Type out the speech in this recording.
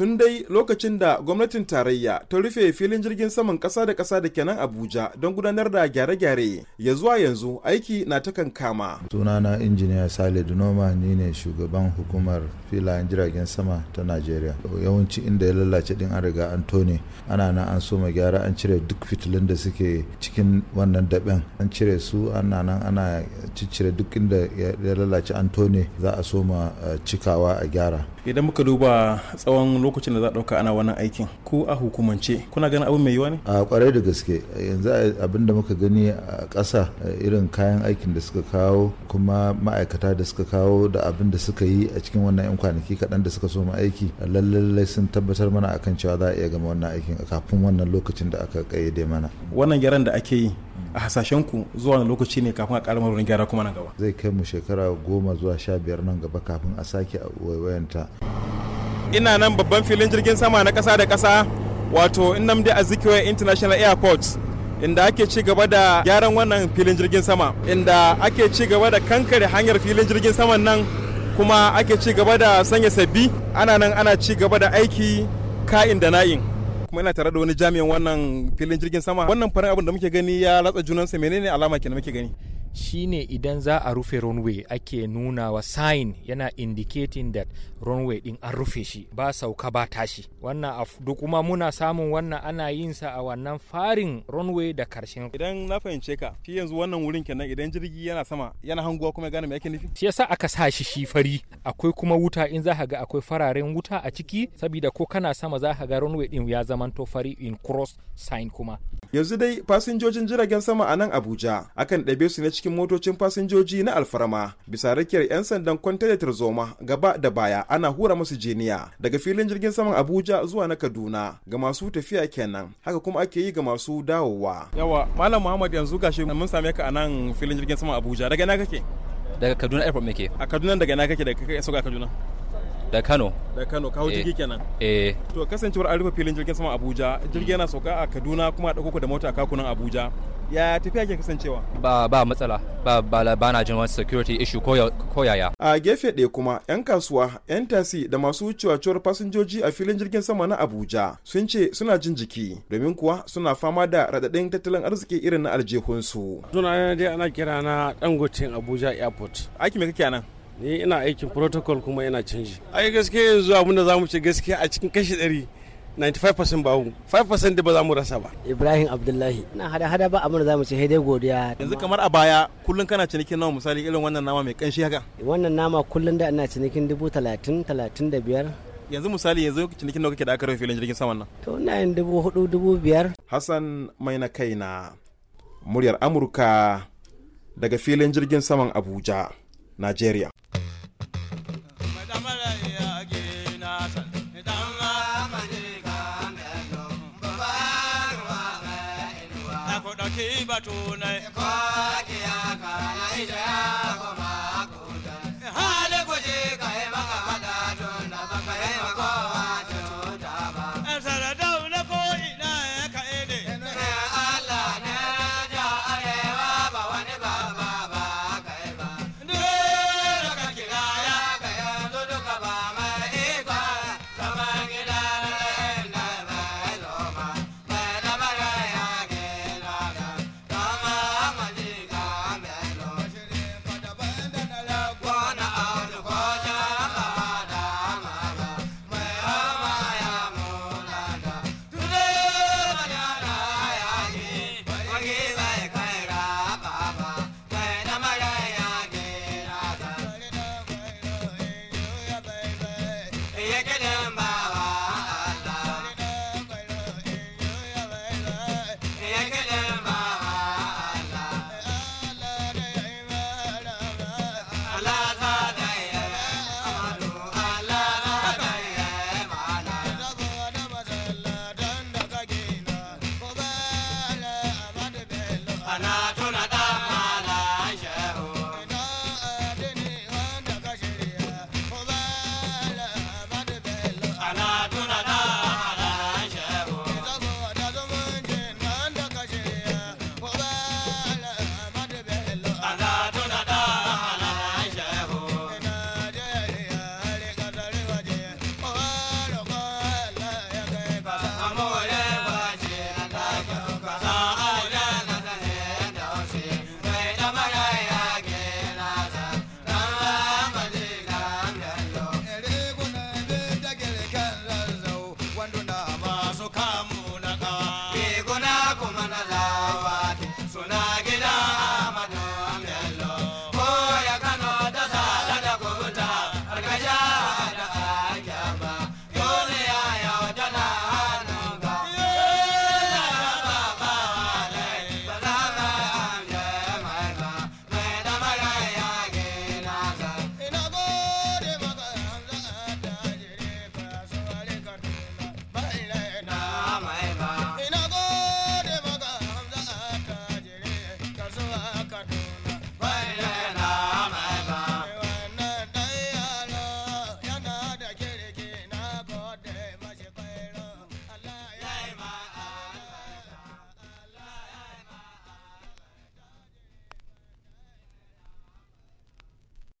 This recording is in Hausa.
tun dai lokacin da gwamnatin tarayya ta rufe filin jirgin saman kasa da kasa da kenan abuja don gudanar da gyare-gyare ya zuwa yanzu aiki na ta kankama sunana injiniya sale dunoma ni ne shugaban hukumar filayen jiragen sama ta najeriya yawanci inda ya lalace din an riga an tone ana nan an soma gyara an cire duk fitilun da suke cikin wannan daben an cire su ana nan ana ciccire duk inda ya lalace an tone za a soma eh, cikawa a gyara idan muka duba tsawon lokacin da za a ɗauka ana wannan aikin ko a hukumance kuna ganin abin mai yiwa ne a kwarai da gaske yanzu abin da muka gani a ƙasa eh, irin kayan aikin da suka kawo kuma ma'aikata da suka kawo da abin da suka yi a cikin wannan 'yan kwanaki kaɗan da suka soma aiki lallai sun tabbatar mana akan cewa za a iya gama wannan aikin kafin wannan lokacin da aka kayyade mana wannan gyaran da ake yi a hasashen ku zuwa wani lokaci ne kafin a ƙara wurin gyara kuma na gaba zai kai mu shekara goma zuwa sha biyar nan gaba kafin a sake wayanta. ina nan babban filin jirgin sama na ƙasa da ƙasa wato nnamdi azikiwe international airport inda ake ci gaba da gyaran wannan filin jirgin sama inda ake ci gaba da kankare hanyar filin jirgin saman nan kuma ake ci gaba da sanya sabbi ana nan ana ci gaba da aiki ka'in da na'in kuma ina tare da wani jami'in wannan filin jirgin sama wannan farin abin da muke gani ya latsa junansa menene alama kenan muke gani shine idan za a rufe runway ake nuna wa sign yana indicating that runway din an rufe shi ba sauka ba tashi wannan duk kuma muna samun wannan ana yin sa a wannan farin runway da karshen idan na fahimce ka shi yanzu wannan wurin kenan idan jirgi yana sama yana hanguwa kuma gane me yake nufi shi yasa aka sa shi shi fari akwai kuma wuta in za ga akwai fararen wuta a ciki saboda ko kana sama za ka ga runway din ya zamanto fari in cross sign kuma yanzu dai fasinjojin jiragen sama a nan abuja akan ɗabe su ne cikin motocin fasinjoji na alfarma bisa rakiyar 'yan sandan kwantare tarzoma gaba da baya ana hura musu jiniya daga filin jirgin saman abuja zuwa na kaduna ga masu tafiya kenan haka kuma ake yi ga masu dawowa yawa malam muhammad yanzu gashi mun same ka a nan filin jirgin saman abuja daga ina kake daga kaduna airport muke a kaduna daga ina kake daga kai sauka kaduna da Kano da Kano ka hau eh. jirgi kenan eh to kasancewar an rufe filin jirgin sama Abuja jirgi yana sauka a Kaduna kuma a dauko da mota a kakunan Abuja ya tafiya ke kasancewa ba ba matsala ba ba, ba na jin wani security issue ko yaya a gefe ɗaya kuma yan kasuwa yan tasi da masu wucewa fasinjoji a filin jirgin sama na abuja sun ce suna jin jiki domin kuwa suna fama da radadin tattalin arziki irin na aljihunsu suna dai ana kira na dangoten abuja airport aiki me kake nan ni ina aikin protocol kuma ina canji ai gaskiya yanzu abin da zamu ce gaskiya a cikin kashi ɗari 95% bawu 5% da ba za mu rasa ba ibrahim abdullahi na hada hada ba abin da za mu ce dai godiya yanzu kamar a baya kullum kana cinikin nawa misali irin wannan nama mai kanshi haka wannan nama kullum da ina cinikin dubu talatin talatin da biyar yanzu misali yanzu cinikin nawa kake da aka rufe filin jirgin saman nan to ina yin dubu hudu dubu biyar hassan mai na kaina muryar amurka daga filin jirgin saman abuja nigeria hibatuna kwa kiaka na ija